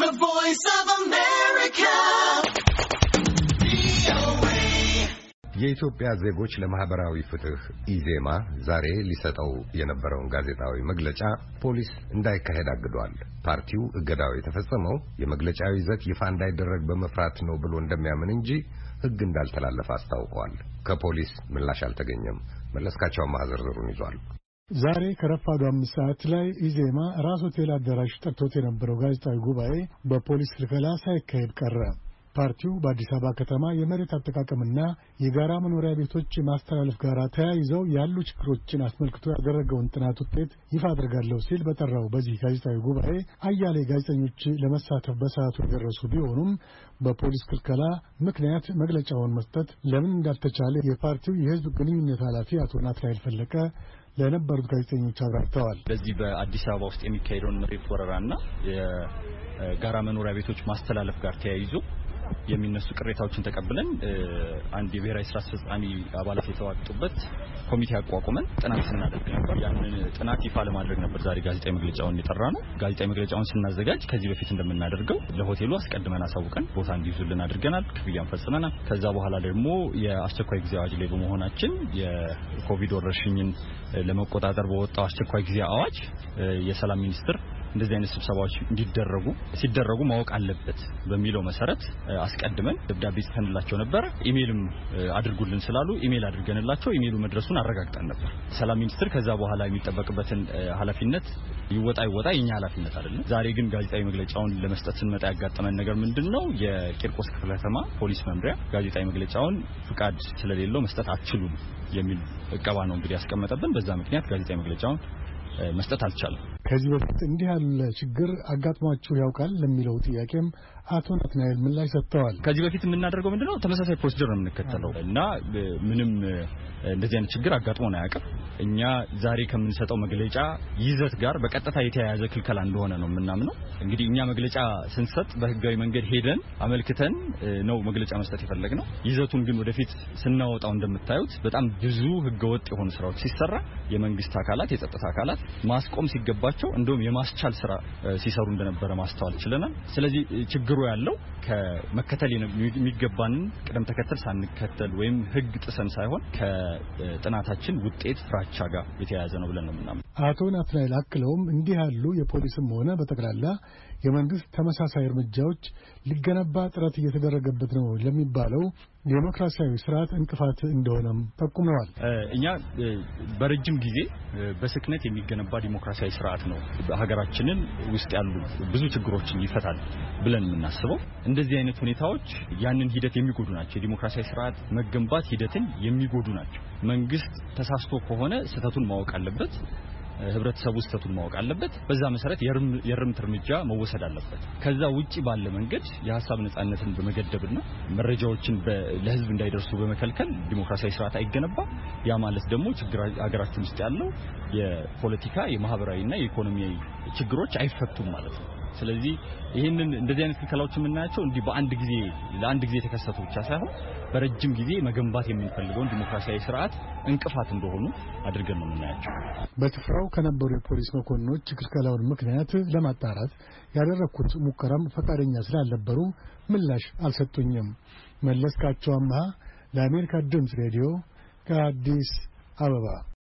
The Voice of America. የኢትዮጵያ ዜጎች ለማህበራዊ ፍትህ ኢዜማ ዛሬ ሊሰጠው የነበረውን ጋዜጣዊ መግለጫ ፖሊስ እንዳይካሄድ አግዷል። ፓርቲው እገዳው የተፈጸመው የመግለጫው ይዘት ይፋ እንዳይደረግ በመፍራት ነው ብሎ እንደሚያምን እንጂ ሕግ እንዳልተላለፈ አስታውቀዋል። ከፖሊስ ምላሽ አልተገኘም። መለስካቸው አማረ ዝርዝሩን ይዟል። ዛሬ ከረፋዱ አምስት ሰዓት ላይ ኢዜማ ራስ ሆቴል አዳራሽ ጠርቶት የነበረው ጋዜጣዊ ጉባኤ በፖሊስ ክልከላ ሳይካሄድ ቀረ። ፓርቲው በአዲስ አበባ ከተማ የመሬት አጠቃቀምና የጋራ መኖሪያ ቤቶች ማስተላለፍ ጋር ተያይዘው ያሉ ችግሮችን አስመልክቶ ያደረገውን ጥናት ውጤት ይፋ አድርጋለሁ ሲል በጠራው በዚህ ጋዜጣዊ ጉባኤ አያሌ ጋዜጠኞች ለመሳተፍ በሰዓቱ የደረሱ ቢሆኑም በፖሊስ ክልከላ ምክንያት መግለጫውን መስጠት ለምን እንዳልተቻለ የፓርቲው የሕዝብ ግንኙነት ኃላፊ አቶ ናትናኤል ፈለቀ ለነበሩት ጋዜጠኞች አብራርተዋል። በዚህ በአዲስ አበባ ውስጥ የሚካሄደውን መሬት ወረራና የጋራ መኖሪያ ቤቶች ማስተላለፍ ጋር ተያይዞ የሚነሱ ቅሬታዎችን ተቀብለን አንድ የብሔራዊ ስራ አስፈጻሚ አባላት የተዋጡበት ኮሚቴ አቋቁመን ጥናት ስናደርግ ነበር። ያንን ጥናት ይፋ ለማድረግ ነበር ዛሬ ጋዜጣዊ መግለጫውን የጠራ ነው። ጋዜጣዊ መግለጫውን ስናዘጋጅ ከዚህ በፊት እንደምናደርገው ለሆቴሉ አስቀድመን አሳውቀን ቦታ እንዲይዙልን አድርገናል። ክፍያም ፈጽመናል። ከዛ በኋላ ደግሞ የአስቸኳይ ጊዜ አዋጅ ላይ በመሆናችን የኮቪድ ወረርሽኝን ለመቆጣጠር በወጣው አስቸኳይ ጊዜ አዋጅ የሰላም ሚኒስትር እንደዚህ አይነት ስብሰባዎች እንዲደረጉ ሲደረጉ ማወቅ አለበት በሚለው መሰረት አስቀድመን ደብዳቤ ጽፈንላቸው ነበረ። ኢሜይልም አድርጉልን ስላሉ ኢሜይል አድርገንላቸው ኢሜይሉ መድረሱን አረጋግጠን ነበር። ሰላም ሚኒስትር ከዛ በኋላ የሚጠበቅበትን ኃላፊነት ይወጣ ይወጣ የኛ ኃላፊነት አይደለም። ዛሬ ግን ጋዜጣዊ መግለጫውን ለመስጠት ስንመጣ ያጋጠመን ነገር ምንድን ነው? የቂርቆስ ክፍለ ከተማ ፖሊስ መምሪያ ጋዜጣዊ መግለጫውን ፍቃድ ስለሌለው መስጠት አትችሉም የሚል እቀባ ነው እንግዲህ ያስቀመጠብን። በዛ ምክንያት ጋዜጣዊ መግለጫውን መስጠት አልቻለም። ከዚህ በፊት እንዲህ ያለ ችግር አጋጥሟችሁ ያውቃል ለሚለው ጥያቄም አቶ ናትናኤል ምላሽ ሰጥተዋል። ከዚህ በፊት የምናደርገው ምንድነው ተመሳሳይ ፕሮሲጀር ነው የምንከተለው እና ምንም እንደዚህ አይነት ችግር አጋጥሞን አያውቅም። እኛ ዛሬ ከምንሰጠው መግለጫ ይዘት ጋር በቀጥታ የተያያዘ ክልከላ እንደሆነ ነው የምናምነው። እንግዲህ እኛ መግለጫ ስንሰጥ በህጋዊ መንገድ ሄደን አመልክተን ነው መግለጫ መስጠት የፈለግነው። ይዘቱን ግን ወደፊት ስናወጣው እንደምታዩት በጣም ብዙ ህገወጥ የሆኑ ስራዎች ሲሰራ የመንግስት አካላት የጸጥታ አካላት ማስቆም ሲገባቸው እንዲኖራቸው እንደውም የማስቻል ስራ ሲሰሩ እንደነበረ ማስተዋል ችለናል። ስለዚህ ችግሩ ያለው ከመከተል የሚገባንን ቅደም ተከተል ሳንከተል ወይም ህግ ጥሰን ሳይሆን ከጥናታችን ውጤት ፍራቻ ጋር የተያያዘ ነው ብለን ነው ምናምን አቶ ናትናኤል አክለውም እንዲህ ያሉ የፖሊስም ሆነ በጠቅላላ የመንግስት ተመሳሳይ እርምጃዎች ሊገነባ ጥረት እየተደረገበት ነው ለሚባለው ዴሞክራሲያዊ ስርዓት እንቅፋት እንደሆነም ጠቁመዋል። እኛ በረጅም ጊዜ በስክነት የሚገነባ ዴሞክራሲያዊ ስርዓት ነው ሀገራችንን ውስጥ ያሉ ብዙ ችግሮችን ይፈታል ብለን የምናስበው እንደዚህ አይነት ሁኔታዎች ያንን ሂደት የሚጎዱ ናቸው። የዴሞክራሲያዊ ስርዓት መገንባት ሂደትን የሚጎዱ ናቸው። መንግስት ተሳስቶ ከሆነ ስህተቱን ማወቅ አለበት። ህብረተሰቡ ስህተቱን ማወቅ አለበት። በዛ መሰረት የእርምት እርምጃ መወሰድ አለበት። ከዛ ውጭ ባለ መንገድ የሀሳብ ነጻነትን በመገደብና መረጃዎችን ለህዝብ እንዳይደርሱ በመከልከል ዲሞክራሲያዊ ስርዓት አይገነባ ያ ማለት ደግሞ ችግር ሀገራችን ውስጥ ያለው የፖለቲካ የማህበራዊና የኢኮኖሚያዊ ችግሮች አይፈቱም ማለት ነው። ስለዚህ ይህንን እንደዚህ አይነት ክልከላዎች የምናያቸው እንዲህ በአንድ ጊዜ ለአንድ ጊዜ የተከሰቱ ብቻ ሳይሆን በረጅም ጊዜ መገንባት የምንፈልገውን ዲሞክራሲያዊ ስርዓት እንቅፋት እንደሆኑ አድርገን ነው የምናያቸው። በስፍራው ከነበሩ የፖሊስ መኮንኖች ክልከላውን ምክንያት ለማጣራት ያደረግኩት ሙከራም ፈቃደኛ ስላልነበሩ ምላሽ አልሰጡኝም። መለስካቸው አምሃ ለአሜሪካ ድምፅ ሬዲዮ ከአዲስ አበባ